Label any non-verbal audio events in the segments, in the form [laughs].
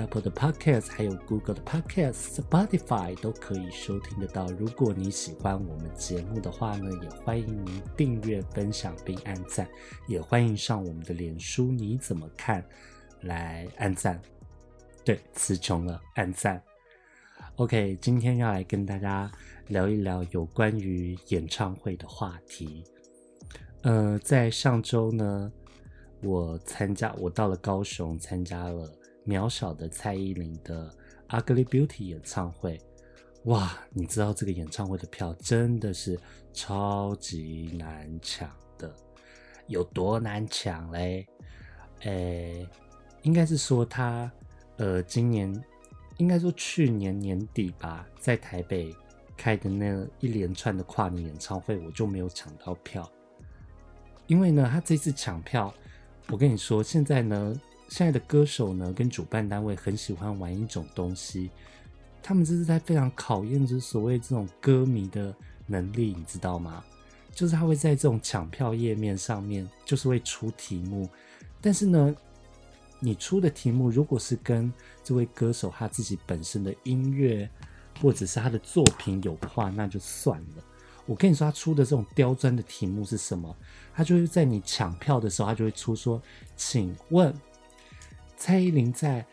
Apple 的 Podcast 還有 Google 的 Podcast、Spotify 都可以收聽得到。如果你喜歡我們節目的話呢，也歡迎您訂閱、分享並按讚。也歡迎上我們的臉書。你怎麼看？來按讚，對，詞窮了按讚。OK，今天要來跟大家聊一聊有關於演唱會的話題。呃，在上周呢，我參加，我到了高雄參加了。渺小的蔡依林的《Ugly Beauty》演唱會，哇！你知道這個演唱會的票真的是超級難搶的，有多難搶嘞？誒，應該是說他呃，今年應該說去年年底吧，在台北開的那一連串的跨年演唱會，我就沒有搶到票。因為呢，他這次搶票，我跟你說，現在呢。現在的歌手呢，跟主辦單位很喜歡玩一種東西，他們這是在非常考驗這所謂這種歌迷的能力，你知道嗎？就是他會在這種搶票頁面上面，就是會出題目，但是呢，你出的題目如果是跟這位歌手他自己本身的音樂或者是他的作品有的話，那就算了。我跟你說，他出的這種刁鑽的題目是什麼？他就會在你搶票的時候，他就會出說，請問。蔡依林在《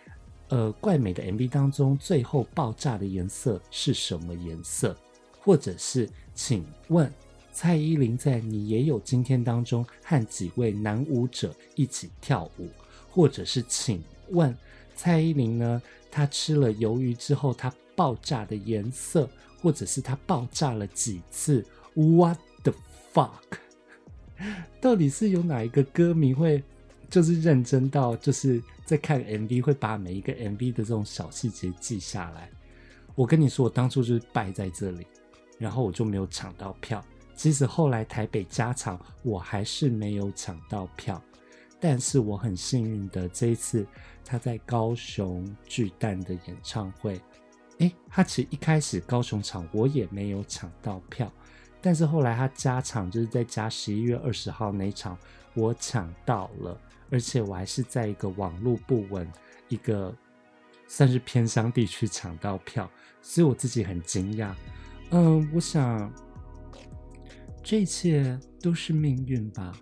呃怪美的》MV 當中最後爆炸的顏色是什麼顏色？或者是請問蔡依林在《你也有今天》當中和幾位男舞者一起跳舞？或者是請問蔡依林呢？她吃了魷魚之後，她爆炸的顏色，或者是她爆炸了幾次？What the fuck？到底是有哪一個歌迷會？就是認真到就是在看 MV 會把每一個 MV 的這種小細節記下來。我跟你說，我當初就是敗在這裡，然後我就沒有搶到票。即使後來台北加場，我還是沒有搶到票。但是我很幸運的，這一次他在高雄巨蛋的演唱會，誒，他其實一開始高雄場我也沒有搶到票，但是後來他加場，就是在加十一月二十號那一場。我搶到了，而且我還是在一個網絡不穩、一個算是偏鄉地區搶到票，所以我自己很驚訝。嗯，我想這一切都是命運吧，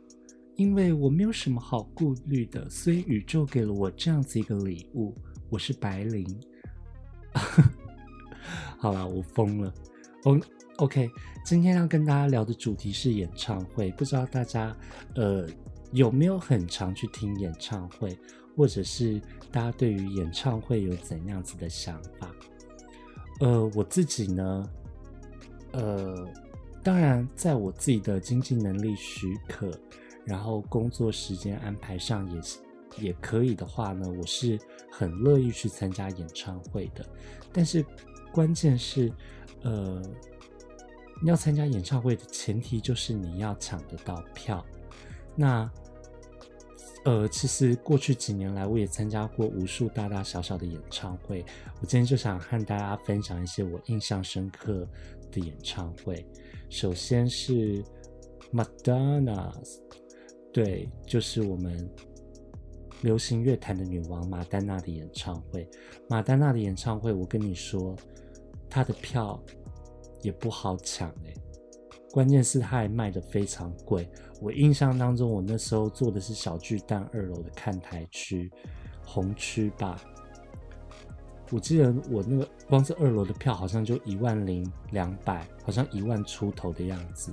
因為我沒有什麼好顧慮的，所以宇宙給了我這樣子一個禮物。我是白靈， [laughs] 好了，我瘋了。我。OK，今天要跟大家聊的主題是演唱會。不知道大家，呃，有沒有很常去聽演唱會，或者是大家對於演唱會有怎樣子的想法？呃，我自己呢，呃，當然，在我自己的經濟能力許可，然後工作時間安排上也是也可以的話呢，我是很樂意去參加演唱會的。但是關鍵是，呃。你要參加演唱會的前提就是你要搶得到票。那，呃，其實過去幾年來，我也參加過無數大大小小的演唱會。我今天就想和大家分享一些我印象深刻的演唱會。首先是 Madonna，對，就是我們流行樂壇的女王瑪丹娜的演唱會。瑪丹娜的演唱會，我跟你說，她的票。也不好搶哎，關鍵是它還賣得非常貴。我印象當中，我那時候坐的是小巨蛋二樓的看台區，紅區吧。我記得我那個光是二樓的票，好像就一萬零兩百，好像一萬出頭的樣子，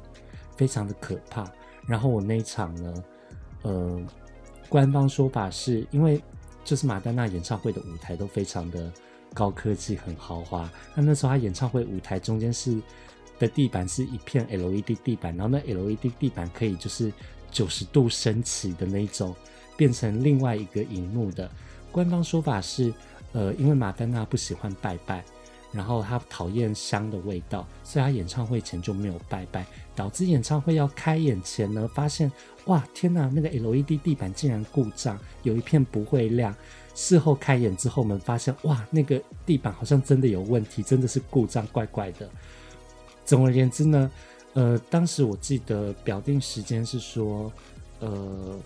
非常的可怕。然後我那場呢，呃，官方說法是因為就是馬丹娜演唱會的舞台都非常的。高科技很豪華，那那時候他演唱會舞台中間是的地板是一片 LED 地板，然後那 LED 地板可以就是九十度升起的那一種，變成另外一個螢幕的。官方說法是，呃，因為馬丹娜不喜歡拜拜，然後他討厭香的味道，所以他演唱會前就沒有拜拜，導致演唱會要開演前呢，發現哇天哪，那個 LED 地板竟然故障，有一片不會亮。事後開演之後，我們發現哇，那個地板好像真的有問題，真的是故障，怪怪的。總而言之呢，呃，當時我記得表定時間是說，呃，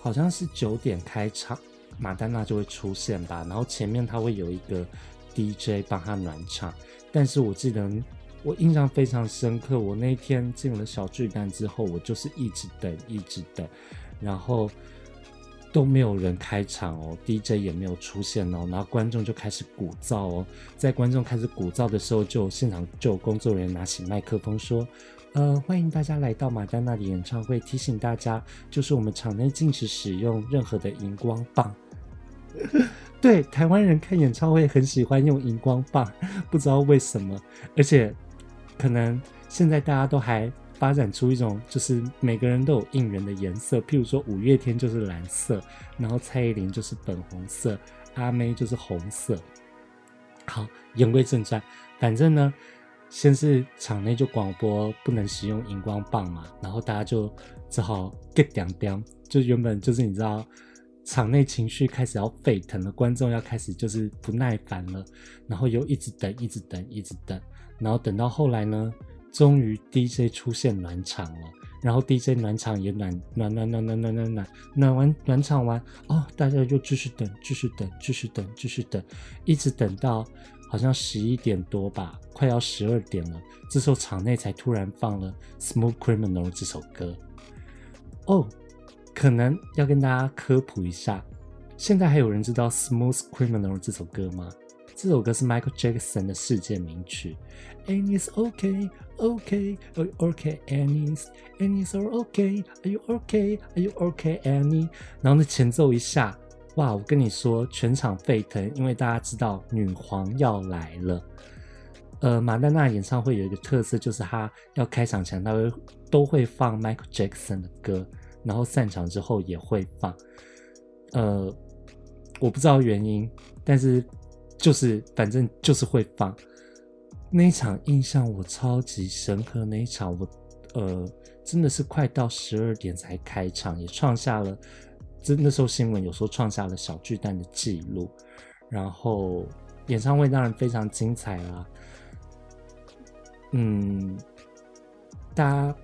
好像是九點開場，馬丹娜就會出現吧。然後前面他會有一個 DJ 幫他暖場，但是我記得我印象非常深刻，我那天進了小巨蛋之後，我就是一直等，一直等，然後。都沒有人開場哦，DJ 也沒有出現哦，然後觀眾就開始鼓噪哦。在觀眾開始鼓噪的時候，就現場就有工作人員拿起麥克風說：“呃，歡迎大家來到馬丹娜的演唱會，提醒大家，就是我們場內禁止使用任何的熒光棒。” [laughs] 對，台灣人看演唱會很喜歡用熒光棒，不知道為什麼，而且可能現在大家都還。發展出一種，就是每個人都有應援的顏色，譬如說五月天就是藍色，然後蔡依林就是粉紅色，阿妹就是紅色。好，言歸正傳，反正呢，先是場內就廣播不能使用熒光棒嘛，然後大家就只好 get down down，就原本就是你知道，場內情緒開始要沸騰了，觀眾要開始就是不耐煩了，然後又一直等，一直等，一直等，然後等到後來呢？終於 DJ 出現暖場了，然後 DJ 暖場也暖暖暖暖暖暖暖暖暖暖完暖場完哦，大家又繼續等，繼續等，繼續等，繼續等，一直等到好像十一點多吧，快要十二點了，這時候場內才突然放了《Smooth Criminal》這首歌。哦，可能要跟大家科普一下，現在還有人知道《Smooth Criminal》這首歌嗎？這首歌是 Michael Jackson 的世界名曲。And it's okay。Okay, are you okay, Annie? Annie, are you okay? Are you okay? Are you okay, Annie? 然後呢，前奏一下，哇！我跟你說，全場沸騰，因為大家知道女皇要來了。呃，馬丹娜演唱會有一個特色，就是她要開場前，她會都會放 Michael Jackson 的歌，然後散場之後也會放。呃，我不知道原因，但是就是反正就是會放。那一場印象我超級深刻，那一場我，呃，真的是快到十二點才開場，也創下了，那時候新聞有時候創下了小巨蛋的記錄。然後演唱會當然非常精彩啦，啊，嗯，大家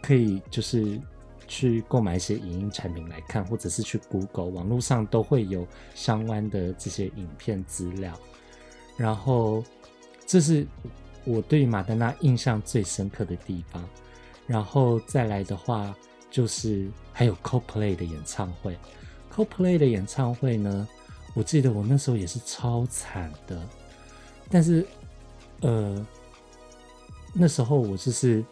可以就是去購買一些影音產品來看，或者是去 Google 網絡上都會有相關的這些影片資料，然後。這是我對於馬丹娜印象最深刻的地方，然後再來的話，就是還有 Coldplay 的演唱會。Coldplay 的演唱會呢，我記得我那時候也是超慘的，但是，呃，那時候我就是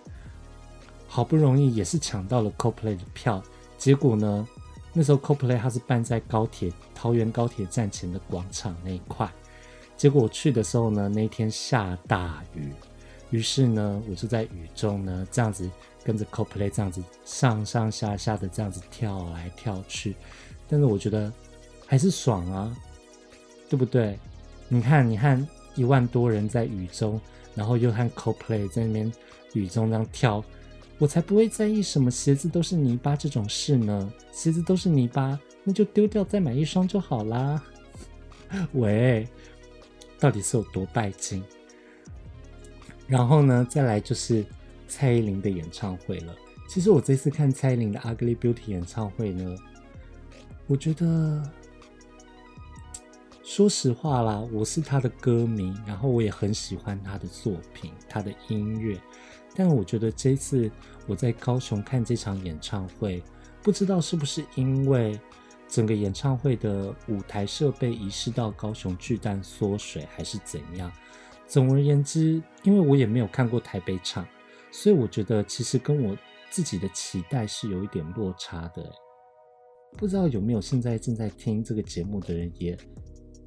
好不容易也是搶到了 Coldplay 的票，結果呢，那時候 Coldplay 它是辦在高鐵桃園高鐵站前的廣場那一塊。結果我去的時候呢，那天下大雨，於是呢，我就在雨中呢，這樣子跟着 Coldplay 這樣子上上下下的這樣子跳來跳去，但是我覺得還是爽啊，對不對？你看，你看，一萬多人在雨中，然後又看 Coldplay 在那邊雨中這樣跳，我才不會在意什麼鞋子都是泥巴這種事呢。鞋子都是泥巴，那就丟掉再買一雙就好啦。 [laughs] 喂。到底是有多拜金？然後呢，再來就是蔡依林的演唱會了。其實我這次看蔡依林的《Ugly Beauty》演唱會呢，我覺得說實話啦，我是她的歌迷，然後我也很喜歡她的作品、她的音樂。但我覺得這次我在高雄看這場演唱會，不知道是不是因為，整個演唱會的舞台設備遺失到高雄巨蛋縮水還是怎樣？總而言之，因為我也沒有看過台北場，所以我覺得其實跟我自己的期待是有一點落差的。不知道有沒有現在正在聽這個節目的人也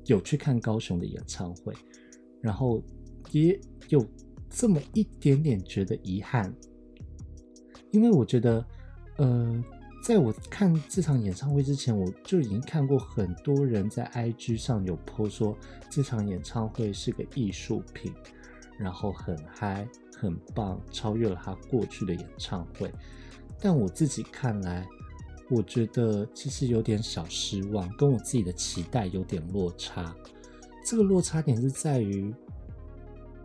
有去看高雄的演唱會，然後也有這麼一點點覺得遺憾，因為我覺得，呃。在我看這場演唱會之前，我就已經看過很多人在 IG 上有 po 說這場演唱會是個藝術品，然後很嗨、很棒，超越了他過去的演唱會。但我自己看來，我覺得其實有點小失望，跟我自己的期待有點落差。這個落差點是在於，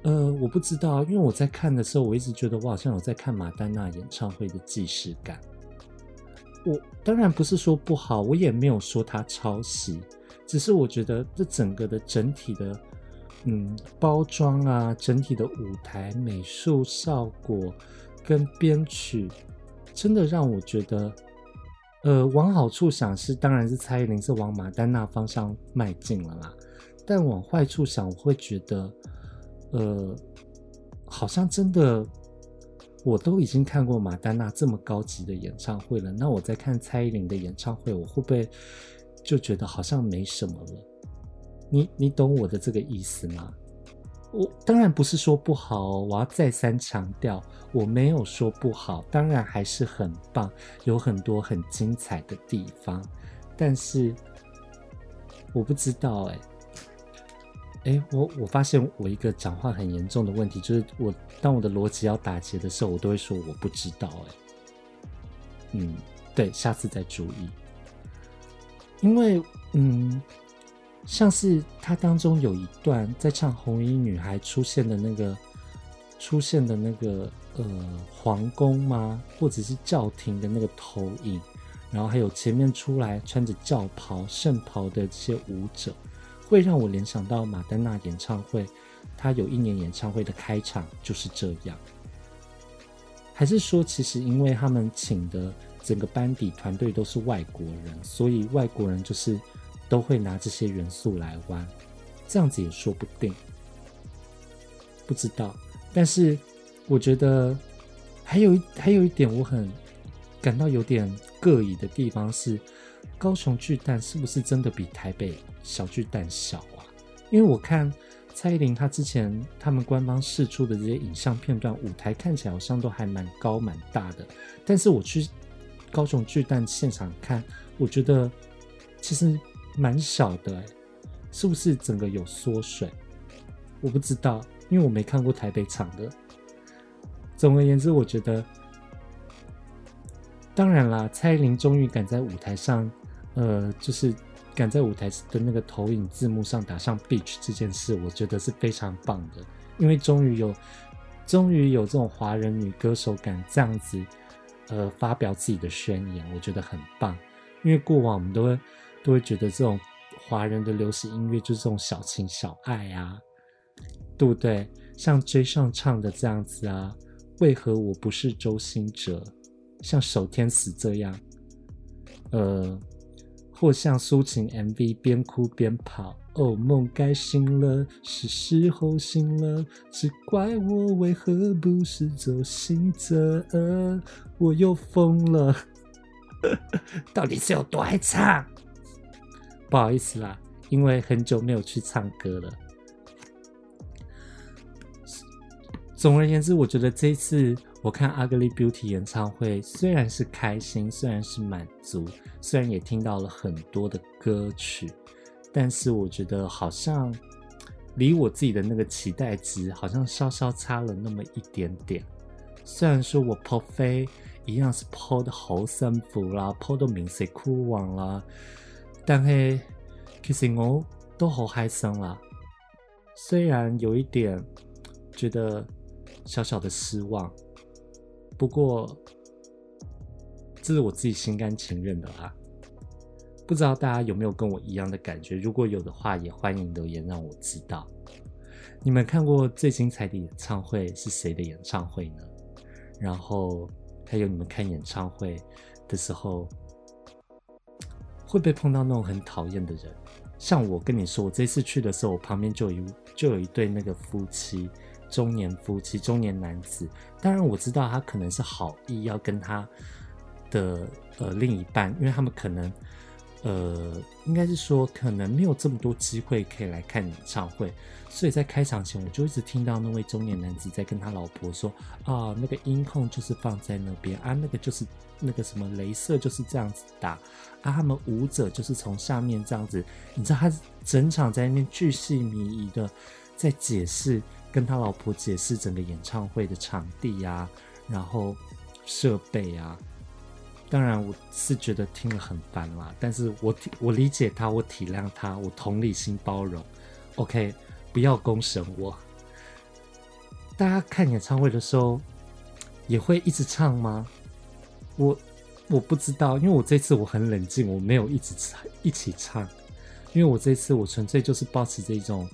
呃，我不知道，因為我在看的時候，我一直覺得我好像有在看瑪丹娜演唱會的既視感。我當然不是說不好，我也沒有說他抄襲，只是我覺得這整個的整體的，嗯，包裝啊，整體的舞台美術效果跟編曲，真的讓我覺得，呃，往好處想是，當然是蔡依林是往馬丹娜方向邁進了啦，但往壞處想，我會覺得，呃，好像真的。我都已經看過瑪丹娜這麼高級的演唱會了，那我在看蔡依林的演唱會，我會不會就覺得好像沒什麼了？你你懂我的這個意思嗎？我當然不是說不好哦，我要再三強調，我沒有說不好，當然還是很棒，有很多很精彩的地方，但是我不知道哎、欸。哎、欸，我我發現我一個講話很嚴重的問題，就是我當我的邏輯要打結的時候，我都會說我不知道、欸。哎，嗯，對，下次再注意。因為嗯，像是它當中有一段在唱《紅衣女孩》出現的那個出現的那個呃皇宮嗎？或者是教廷的那個投影？然後還有前面出來穿着教袍、聖袍的這些舞者。會讓我聯想到瑪丹娜演唱會，他有一年演唱會的開場就是這樣。還是說，其實因為他們請的整個班底團隊都是外國人，所以外國人就是都會拿這些元素來玩，這樣子也說不定，不知道。但是我覺得，還有還有一點我很感到有點膈應的地方是，高雄巨蛋是不是真的比台北小巨蛋小啊？因為我看蔡依林她之前他們官方釋出的這些影像片段，舞台看起來好像都還蠻高蠻大的，但是我去高雄巨蛋現場看，我覺得其實蠻小的。欸，是不是整個有縮水？我不知道，因為我沒看過台北場的。總而言之，我覺得，當然啦，蔡依林終於敢在舞台上。呃，就是敢在舞台的那個投影字幕上打上 bitch 這件事，我覺得是非常棒的，因為終於有，終於有這種華人女歌手敢這樣子，呃，發表自己的宣言，我覺得很棒。因為過往我們都會都會覺得這種華人的流行音樂就是這種小情小愛啊，對不對？像 Jay 唱的這樣子啊，為何我不是周興哲？像守天使這樣，呃。或像抒情 MV 邊哭邊跑，哦，夢該醒了，是時候醒了，只怪我為何不是周興哲，uh, 我又瘋了、呃，到底是有多愛唱？不好意思啦，因為很久沒有去唱歌了。總而言之，我覺得這次。我看《Ugly Beauty》演唱會，雖然是開心，雖然是滿足，雖然也聽到了很多的歌曲，但是我覺得好像離我自己的那個期待值，好像稍稍差了那麼一點點。雖然說我破費，一樣是破的好幸福啦，破到面色枯黃啦，但是其實我都好開心啦。雖然有一點覺得小小的失望。不過，這是我自己心甘情願的啊。不知道大家有沒有跟我一樣的感覺？如果有的話，也歡迎留言讓我知道。你們看過最精彩的演唱會是誰的演唱會呢？然後還有你們看演唱會的時候，會不會碰到那種很討厭的人？像我跟你說，我這次去的時候，我旁邊就有一就有一對那個夫妻。中年夫妻、中年男子，當然我知道他可能是好意，要跟他的呃另一半，因為他們可能呃應該是說可能沒有這麼多機會可以來看演唱會，所以在開場前我就一直聽到那位中年男子在跟他老婆說：“啊，那個音控就是放在那邊啊，那個就是那個什麼雷射就是這樣子打啊，他們舞者就是從下面這樣子，你知道他整場在那邊巨細靡遺的在解釋。”跟他老婆解釋整個演唱會的場地呀、啊，然後設備啊，當然我是覺得聽了很煩嘛，但是我我理解他，我體諒他，我同理心包容。OK，不要公審我。大家看演唱會的時候也會一直唱嗎？我我不知道，因為我這次我很冷靜，我沒有一直唱一起唱，因為我這次我純粹就是抱持著一種。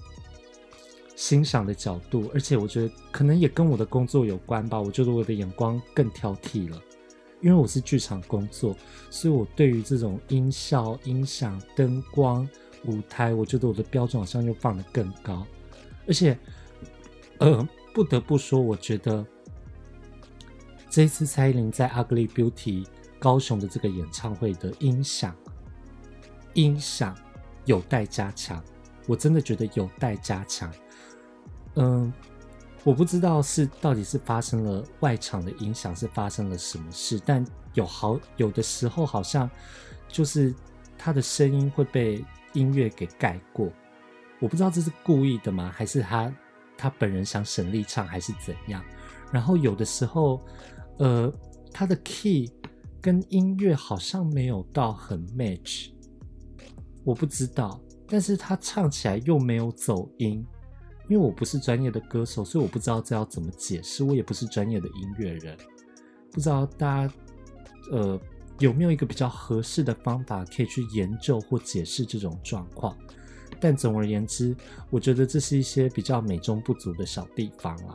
欣賞的角度，而且我覺得可能也跟我的工作有關吧。我覺得我的眼光更挑剔了，因為我是劇場工作，所以我對於這種音效、音響、燈光、舞台，我覺得我的標準好像又放得更高。而且，呃，不得不說，我覺得這一次蔡依林在《Ugly Beauty》高雄的這個演唱會的音響，音響有待加強，我真的覺得有待加強。嗯，我不知道是到底是發生了外場的音響，是發生了什麼事。但有好有的時候好像就是他的聲音會被音樂給蓋過，我不知道這是故意的嗎？還是他他本人想省力唱還是怎樣？然後有的時候，呃，他的 key 跟音樂好像沒有到很 match，我不知道，但是他唱起來又沒有走音。因為我不是專業的歌手，所以我不知道這要怎麼解釋。我也不是專業的音樂人，不知道大家呃有沒有一個比較合適的方法可以去研究或解釋這種狀況。但總而言之，我覺得這是一些比較美中不足的小地方啦、啊。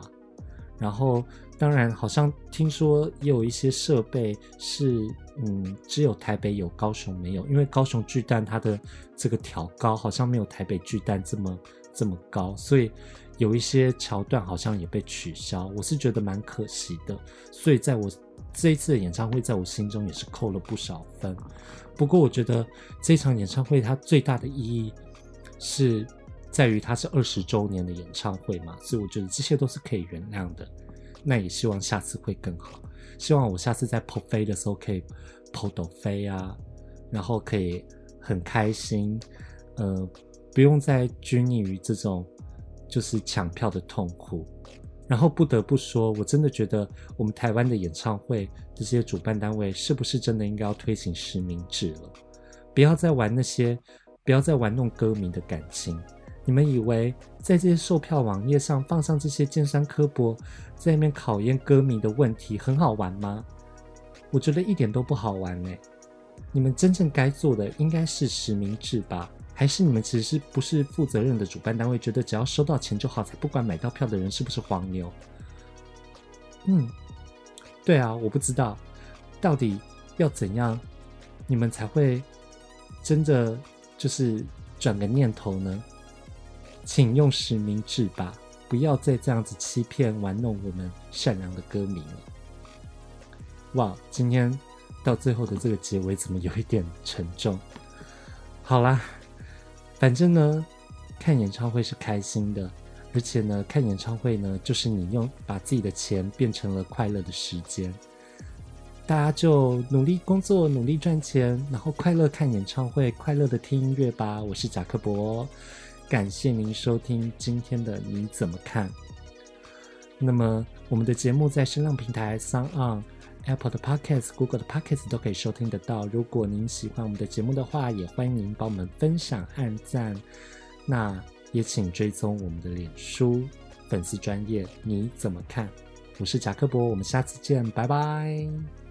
然後，當然，好像聽說也有一些設備是嗯只有台北有，高雄沒有，因為高雄巨蛋它的這個挑高好像沒有台北巨蛋這麼。這麼高，所以有一些橋段好像也被取消，我是覺得蠻可惜的。所以在我這一次的演唱會，在我心中也是扣了不少分。不過我覺得這場演唱會它最大的意義是在於它是二十周年的演唱會嘛，所以我覺得這些都是可以原諒的。那也希望下次會更好，希望我下次在剖飛的時候可以剖到飛啊，然後可以很開心，嗯、呃。不用再拘泥於這種就是搶票的痛苦，然後不得不說，我真的覺得我們台灣的演唱會這些主辦單位是不是真的應該要推行實名制了？不要再玩那些，不要再玩弄歌迷的感情。你們以為在這些售票網頁上放上這些尖酸刻薄，在那邊考驗歌迷的問題很好玩嗎？我覺得一點都不好玩哎、欸！你們真正該做的應該是實名制吧。還是你們其實是不是負責任的主辦單位？覺得只要收到錢就好，才不管買到票的人是不是黃牛？嗯，對啊，我不知道到底要怎樣，你們才會真的就是轉個念頭呢？請用實名制吧，不要再這樣子欺騙、玩弄我們善良的歌迷了。哇，今天到最後的這個結尾怎麼有一點沉重？好啦。反正呢，看演唱會是開心的，而且呢，看演唱會呢，就是你用把自己的錢變成了快樂的時間。大家就努力工作，努力賺錢，然後快樂看演唱會，快樂的聽音樂吧。我是賈克伯、哦，感謝您收聽今天的《你怎麼看》。那麼，我們的節目在聲浪平台 SoundOn Apple 的 Podcast Google 的 Podcast 都可以收聽得到。如果您喜歡我們的節目的話，也歡迎您幫我們分享、按讚。那也請追蹤我們的臉書粉絲專頁。你怎麼看？我是賈克博，我們下次見，拜拜。